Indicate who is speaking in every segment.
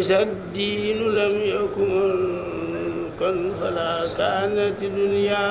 Speaker 1: إذا الدين لم يكن كن فلا كانت دنيا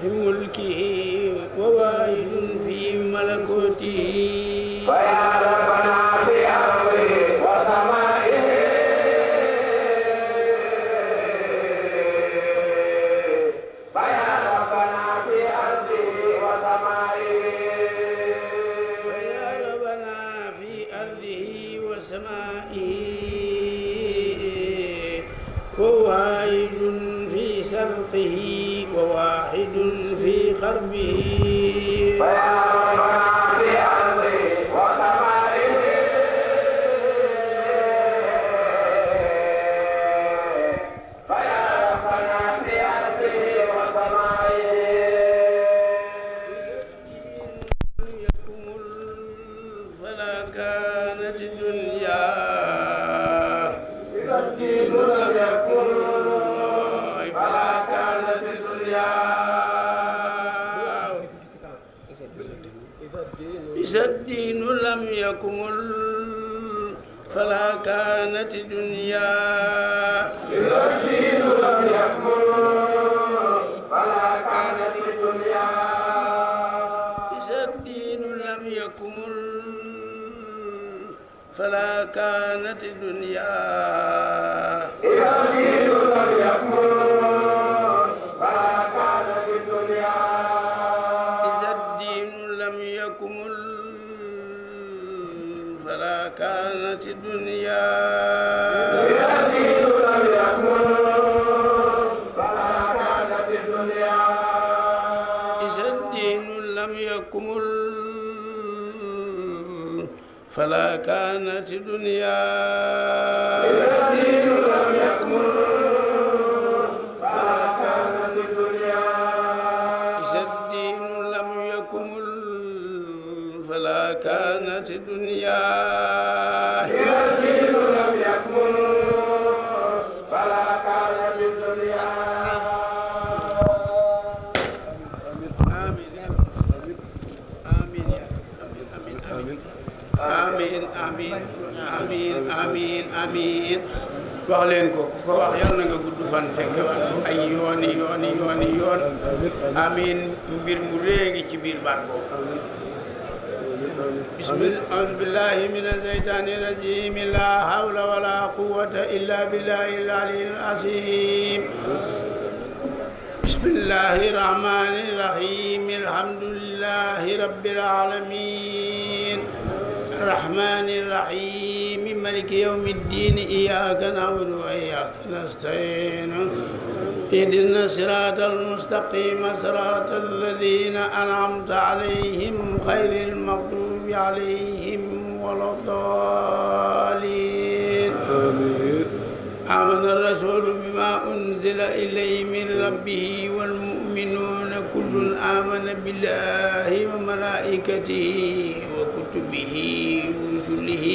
Speaker 1: في الملك
Speaker 2: بئس الدين
Speaker 1: لم يكمل فلا كانت دنيا بئس الدين لم يكمل فلا كانت دنيا بئس الدين لم يكمل فلا كانت دنيا بئس الدين لم يكمل فلا كانت دنيا الدين لم يكمل فلا كانت الدنيا إذا الدين لم يكمل فلا كانت الدنيا إذا الدين لم يكمل amiin amiin wax leen ko ku ko wax yal na nga gudd fan fekk man ay yooni yooni yooni yoon amiin mbir mu rée ngi ci biir baat boobu bismil auzu billahi mina sheytaani rajim la hawla wala quwwata illa billahi al aliyyil azim bismillahi rahmani rahim alhamdulillahi rabbil alamin arrahmani rahim ملك يوم الدين إياك نعبد وإياك نستعين اهدنا الصراط المستقيم صراط الذين أنعمت عليهم غير المغضوب عليهم ولا الضالين
Speaker 2: آمين
Speaker 1: آمن الرسول بما أنزل إليه من ربه والمؤمنون كل آمن بالله وملائكته وكتبه ورسله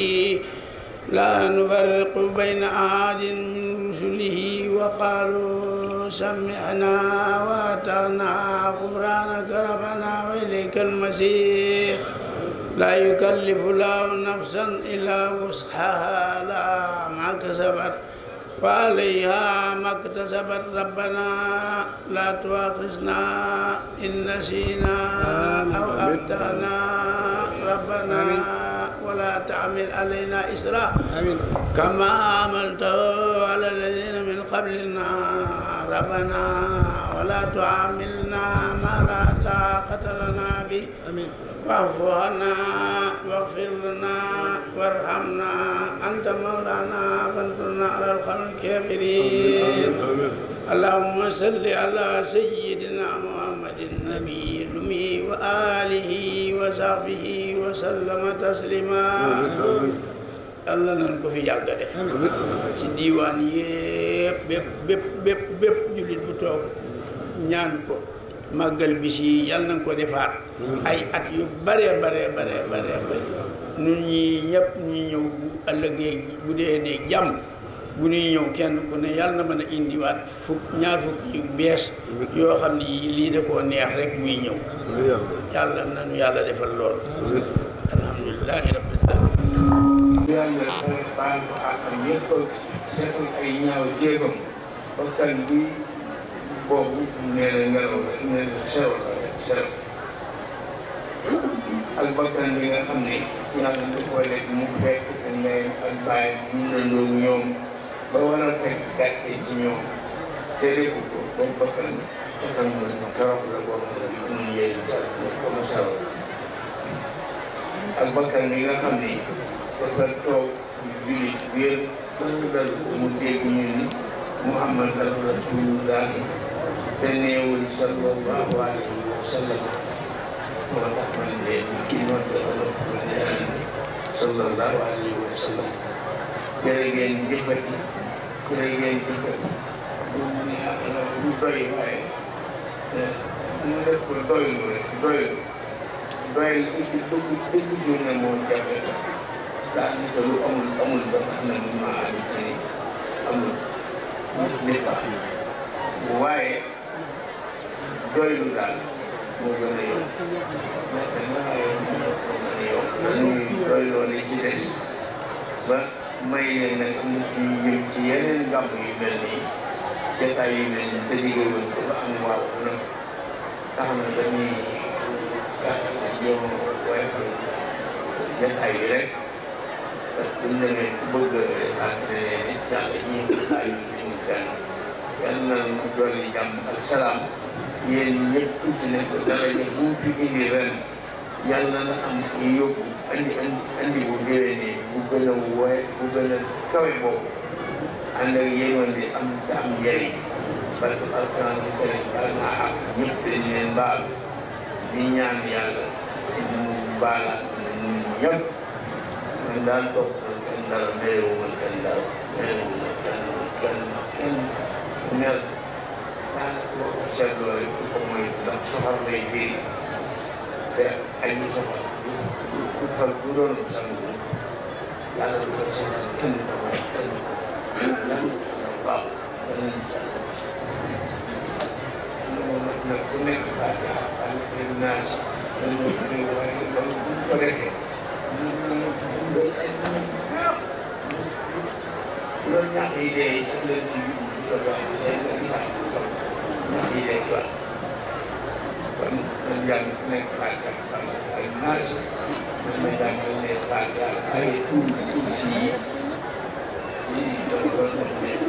Speaker 1: لا نفرق بين أحد من رسله وقالوا سمعنا وأطعنا غفرانك ربنا وإليك المسيح لا يكلف الله نفسا إلا وسعها لها ما كسبت وعليها ما اكتسبت ربنا لا تؤاخذنا إن نسينا أو أبتعنا ربنا ولا تعمل علينا إسرا كما عملته على الذين من قبلنا ربنا ولا تعاملنا ما لا طاقة لنا به واعف عنا واغفر لنا وارحمنا أنت مولانا فانصرنا على القوم الكافرين اللهم صل على سيدنا محمد النبي الأمي وآله وصحبه وسلم تسليما yàlla nañ ko fi yàgg def ci diiwaan yépp bépp bépp bépp jullit bu toog ñaan ko màggal bi yi yàlla nañ ko defaat ay at yu bare bare bare bare bare ñun ñi ñëpp ñu ñëw bu ëllëgee bu dee ne jàmm bu ñuy ñëw kenn ku ne yàlla na mën a indiwaat fukk ñaar fukk yu bees yoo xam ne yii lii da koo neex rek muy ñëw yàlla
Speaker 2: nañu yàlla defal lool alhamdulilahi rabbil alamin yàlla baal ko na bi nga xam ne yàlla da koy def mu fekk ndeyam ak bàyyam ñu ne ñoom ba waral teg gàcce ci ñoom te réewu ko ba bakkan bakkan mu torop la boo xam ne amul yéen comme sawar ak bakkan bi nga xam ne dafa toog jullit wér ba mu dal ko mu dégg ñu ni Muhammad rasulullah te néewul sallallahu alayhi wa sallam moo tax man de kii ma sallallahu alayhi wa sallam jërë ngeen jëfati léegi ngay jëfee moom ñu yaakaar naa du doy waaye ñu def ko doylu rek doylu doylu ci dëkk dëkk jur na moom jafe la daal ni ko lu amul amul ba làmb yu mel nii détails yu ba am wàll bu nekk tax na dañuy gàttal jéem a woyofal rek parce que ku bëgg a entraîné nit yàlla ñii détails yu ñu kenn mu dolli jàmm ak salaam yéen ñëpp ku ci nekk dara ñu bu fi indi ren yàlla na am yóbbu andi bu déwénee bu bu gën kawe boobu ànd ak yéegoon am am njëriñ parce que alquran bu karim bal naa àq ñëpp baal di ñaan yàlla di mu baalaat na ñun ñëpp man daal toog kenn dara merewu ma kenn dara kenn kenn kenn mer daanaka boo ko seetloo rek ku ko moytu ndax soxor lay jëri te ay soxor ku fal ku doon sang yàlla du ko soxor kenn ko kenn waaw nag ku nekk baax na xam ne waaye loolu bu ko defee loolu ñax yi dee ci leen di soxlaa di leen di sax ñax yi dee quoi kon man jàng ku nekk baax na xam ne ay naaj man ma jàng ne baax na ay tuur tuur si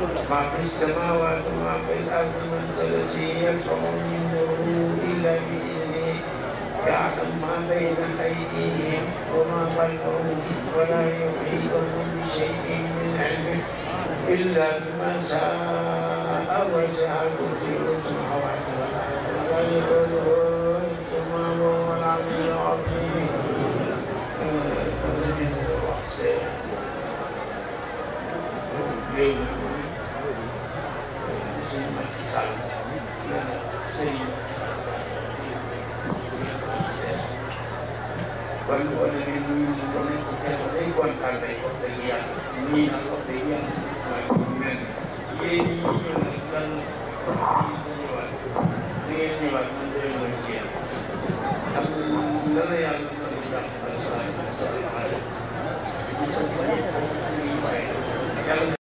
Speaker 1: ما في السماوات وما في الأرض من ثلثه يشفع عنده إلا بإذنه يعلم ما بين أيديهم وما خلفهم ولا يحيطون بشيء من علمه إلا بما شاء وسع كرسيه السماوات والأرض ولا يؤوده حفظهما وهو العلي العظيم
Speaker 2: Thank you. kon boo demee ñu ñu ko nañ ko fexe day kontaan day wax dëgg yàlla ñii nag wax dëgg yàlla mooy ñu mel ni yéen ñi ñu lan ñëwaat da ngeen ñëwaat ñu doy mooy ci yéen am la la yàlla mën a jàpp ba soxla soxla xaalis ñu sa bañ a yàlla